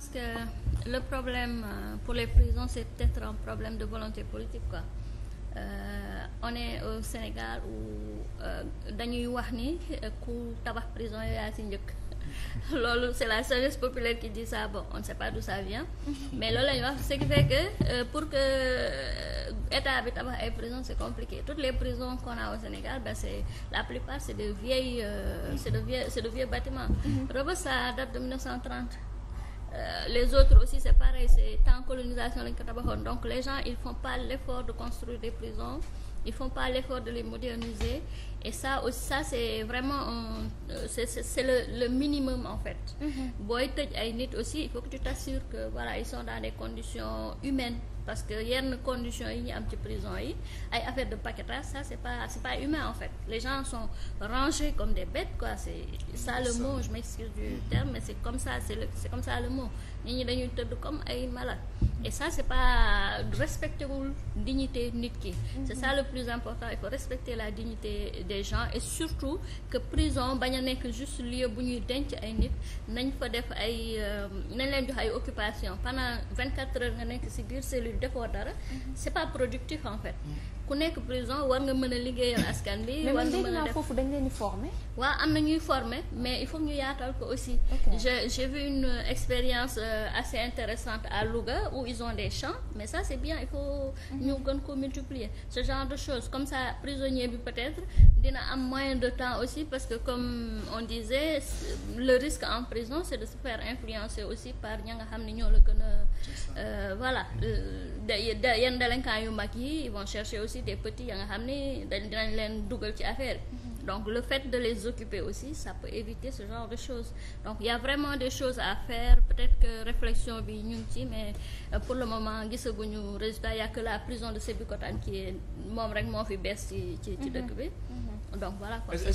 pense que le problème euh, pour les prisons c'est peut un problème de volonté politique quoi euh, on est au Sénégal où euh, dañuy wax ni kou tabax prison yaa ci njëkk loolu c'est la sagesse populaire qui dit ça bon on ne sait pas d'où ça vient mais loolu la wax ce qui fait que pour que état bi tabax ay prison c'est compliqué toutes les prisons qu'on a au Sénégal ben c'est la plupart c'est de vieilles euh, mm-hmm. c'est de vieux c'est de vieux bâtiments mm-hmm. Rebeuss ça date de Euh, les autres aussi c'est pareil c'est temps colonisation lañ ko tabaxoon donc les gens ils font pas l'effort de construire des prisons il font pas l'effort de les moderniser et ça aussi ça c'est vraiment un euh, c'est c'est le minimum en fait. Mm-hmm. booy tëj ay nit aussi il faut que tu t'assures que voilà ils sont dans des conditions humaines parce que yenn conditions yi ñu am ci prison yi ay affaire de paquetage ça c'est pas c'est pas humain en fait les gens sont rangés comme des bêtes quoi c'est ça le mot je m'excuse du terme mais c'est comme ça c'est le c'est comme ça le mot nit ñi dañuy tëdd comme ay malades. et ça c'est pas respecter wul dignité nit ki mhm. c'est ça le plus important il faut respecter la dignité des gens et surtout que prison bañ a nekk juste lieu bu ñuy denc ay nit nañ fa def ay euh, nañ leen jox ay occupation pendant vingt quatre heures nga nekk ci biir cellule defoo dara mhm. c'est pas productif en fait mhm. ku nekk prison war nga mën a liggéeyal askan bi war nga mën a def foofu dañ leen di former waaw am na ñuy former mais il faut ñu yaatal ko aussi okay. je j'ai vu une euh, expérience euh, assez intéressante à Louga où ils ont des champs mais ça c'est bien il faut mhm. ñu gën ko multiplier ce genre de chose comme ça prisonnier bi peut-être dina am moyen de temps aussi parce que comme on disait le risque en prison c'est de se faire influencer aussi par ña nga xam ni ñoo la gën a euh, voilà da yenn délinquants yu mag yi ils vont chercher aussi des petits ya nga xam ne dañ dinañ leen dugal ci affaire mm-hmm. donc le fait de les occuper aussi ça peut éviter ce genre de choses donc ya vraiment de choses à faire peut-être que réflexion bi ñu ngi ci mais euh, pour le moment gisaguñu résultat y a que la prison de Sébikotane qui est moom rek moo fi bees ci ci ci mm-hmm. dëkk bi mm-hmm. donc voilà quoi.